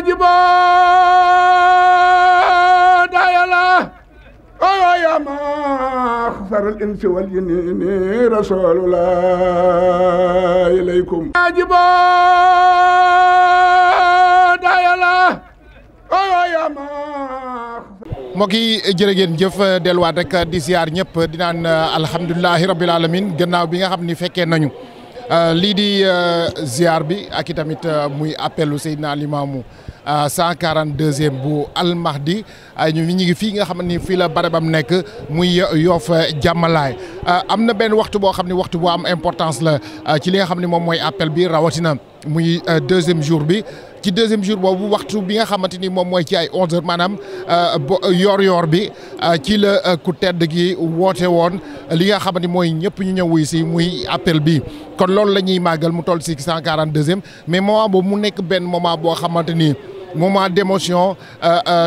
واجبا دايلا ويا ما خسر الانس والجنين رسول الله اليكم واجبا دايلا ويا ما mbokk yi jërë ngeen jëf di ziar ñëpp di naan rabbil alamin gannaaw bi nga xam ni fekke nañu Euh, lii di euh, ziar bi ak i tamit euh, muy appelu Seydina Limaamu cent quarante deuxième bu almahdi ñu ñu ngi fii nga xam ni fii la mu nekk muy Yoff jàmmalaay am na benn waxtu boo xam ne waxtu bu am importance la ci li nga xam ne moom mooy appel bi rawatina. muy euh, deuxième jour bi ci deuxième jour boobu waxtu bi nga xamante ni moom mooy ci ay onze heures maanaam euh, euh, yoor yoor bi ci la ku tedd gi woote woon li nga xamante ni mooy ñëpp ñu ñëw wuy si muy appel bi kon loolu la ñuy màggal mu toll si cent quarante deuxième mais moment boobu mu nekk benn moment boo xamante ni. moment d'émotion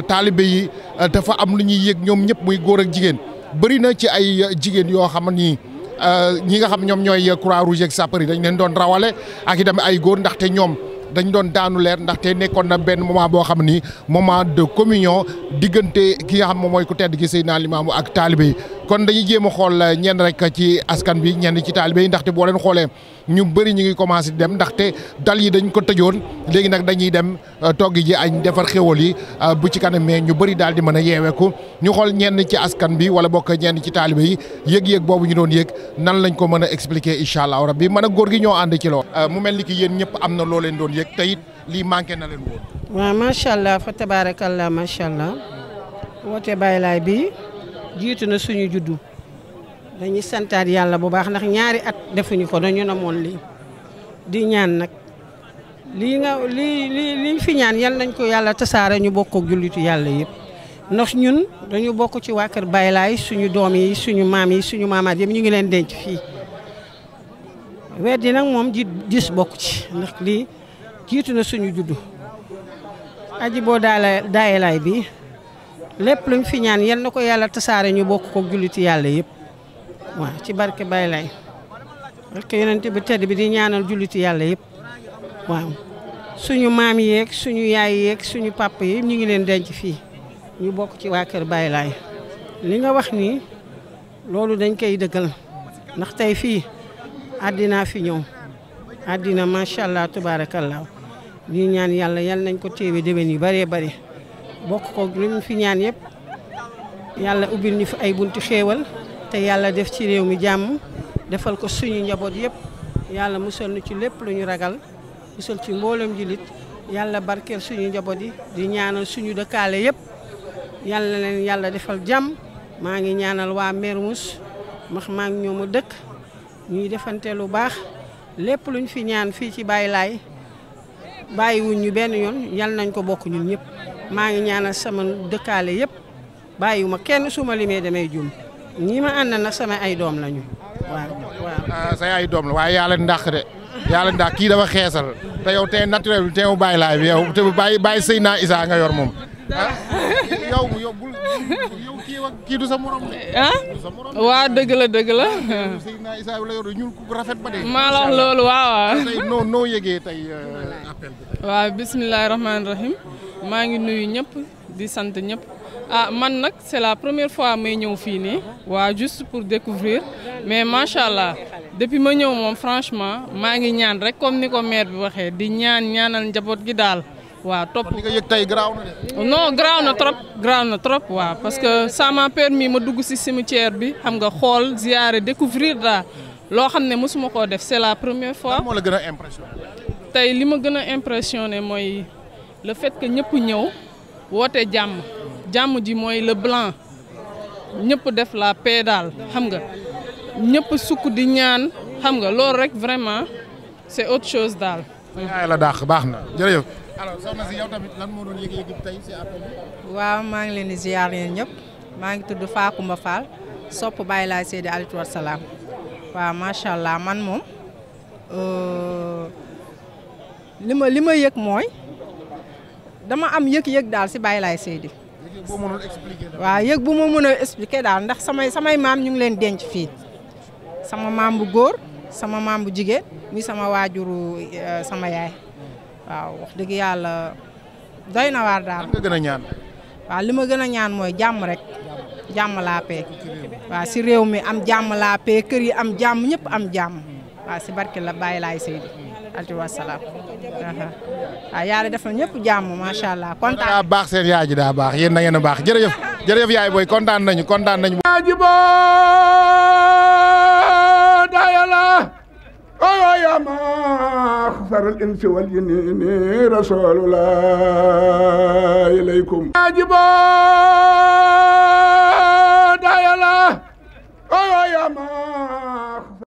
taalibe yi dafa am lu ñuy yëg ñoom ñëpp muy góor ak jigéen bëri na ci ay jigéen yoo xam ni Euh, ñi nga xam ñoom ñooy croix rouge ak sapeur yi dañ leen doon rawale ak itam ay góor ndaxte ñoom dañ doon daanu leer ndaxte nekkoon na benn moment boo xam ni moment de communion diggante ki nga xam moom mooy ku tedd gi Seydina Limaamu ak taalibe yi kon dañuy jéem a xool euh, ñenn rek ci askan bi ñenn ci taalibe yi ndaxte boo leen xoolee ñu bëri ñu ngi commencé dem ndaxte dal yi dañ ko tëjoon léegi nag dañuy dem euh, toggi ji añ defar xéwal yi euh, bu ci kanam mee ñu bëri daal di mën a yeeweeku ñu xool ñenn ci askan bi wala bokk ñenn ci taalibe yi yëg-yëg boobu ñu doon yëg nan lañ ko mën a expliquer incha allah rabbi mën a góor gi ñoo ànd ci lool mu mel ni ki yéen ñëpp am na loo leen doon yëg te lii manqué na leen woon. macha allah fa tabaarakallah macha allah woote Baye Laye bi jiitu na suñu juddu dañuy santaat yàlla bu baax ndax ñaari at defuñu ko dañu namoon lii di ñaan nag lii lii lii fi ñaan yal nañ ko yàlla tasaare ñu bokk ak jullitu yàlla yëpp ndax ñun dañu bokk ci waa kër suñu doom yi suñu maam yi suñu maamaat yëpp ñu ngi leen denc fii weddi nag moom ji dis bokk ci ndax lii jiitu na suñu juddu aji boo daayelaay bi lépp luñ fi ñaan yal na ko yàlla tasaare ñu bokk ko julliti yàlla yëpp waaw ci barke Baay Laay barke yonent bi tedd bi di ñaanal julliti yàlla yëpp waaw suñu maam yeeg suñu yaay yeeg suñu papa yi ñu ngi leen denc fii ñu bokk ci waa kër Baay Laay li nga wax nii loolu dañ koy dëggal ndax tey fii àddinaa fi ñëw àddina macha allah tabaarakallaa ñii ñaan yàlla yal nañ ko téewe déwén yu baree bari bokk ko li mu fi ñaan yëpp yàlla ubbil ñu fi ay bunti xéewal te yàlla def ci réew mi jàmm defal ko suñu njaboot yëpp yàlla musal nu ci lépp lu ñu ragal musal ci mboolem jullit yàlla barkeel suñu njaboot yi di ñaanal suñu dëkkaale yëpp yàlla leen yàlla defal jàmm maa ngi ñaanal waa Mermoz max maa ngi ñoom a dëkk ñuy defante lu baax lépp luñ fi ñaan fii ci Baye Laye wuñ ñu benn yoon yal nañ ko bokk ñun ñëpp maa ngi ñaanal sama dëkkaale yëpp bàyyiwuma kenn su ma limee demee jum ñi ma ànd nag sama ay doom lañu waaw ah, say ay doom la waaye yàlla ndax de yàlla ndax kii dafa xeesal te yow tey naturel bi tey mu bàyyi laay bi yow sëy naa Isa nga yor moom. Ah, yow yow bul yow ah? dëgg la la. rafet ba de. maa la wax loolu waaw waaw. tey noo noo yëgee euh, maa ngi nuyu ñëpp di sant ñëpp ah man nag c'est la première fois may ñëw fii nii waa juste pour découvrir mais macha allah depuis ma ñëw moom franchement maa ngi ñaan rek comme ni ko maire bi waxee di ñaan ñaanal njaboot gi daal waaw topp li nga tey garaaw na trop garaaw na trop waa parce que sama m'a permis ma dugg ci cimetière bi xam nga xool ziyaare découvrir daal loo xam ne mosuma koo def c'est la première fois. moo la gën tey li ma gën a ne mooy. le fait que ñëpp ñëw woote jàmm jàmm ji mooy le blanc ñëpp def la paix daal xam nga ñëpp sukk di ñaan xam nga loolu rek vraiment c'est autre chose daal. la dàq baax na jërëjëf. alors waaw maa ngi leen di ziar yéen ñëpp maa ngi tudd Fakoumba Fall sopp Baye Laye Seydi Aliou Wassalaam waaw macha allah man moom euh, li ma li ma yëg mooy. dama am yëg-yëg daal si Baye Laye Seydi waaw yëg bu ma mën a expliquer daal ndax samay samay maam ñu ngi leen denc fii sama maam bu góor sama maam bu jigéen muy sama waajur eh, sama yaay waaw wax dëgg yàlla doy na waar daal. nga li ma gën a ñaan mooy jàmm rek jàmm laa paix waaw si réew mi am jàmm laa paix kër yi am jàmm ñëpp am jàmm waaw si barke la Baye Laye Seydi wasalaam waaw ah, yàlla def na ñëpp jàmm macha allah kontaan. daa baax seen yaay ji daa baax yéen na ngeen a baax jërëjëf jërëjëf yaay booy kontaan nañu kontaan nañu. yaay ji boo dayala oyama faral insi wal jinni rasulullah ilaykum